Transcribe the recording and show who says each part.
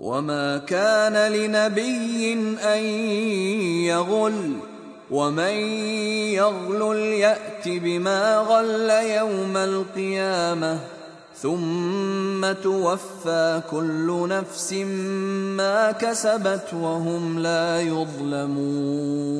Speaker 1: وما كان لنبي ان يغل ومن يغل يات بما غل يوم القيامه ثم توفى كل نفس ما كسبت وهم لا يظلمون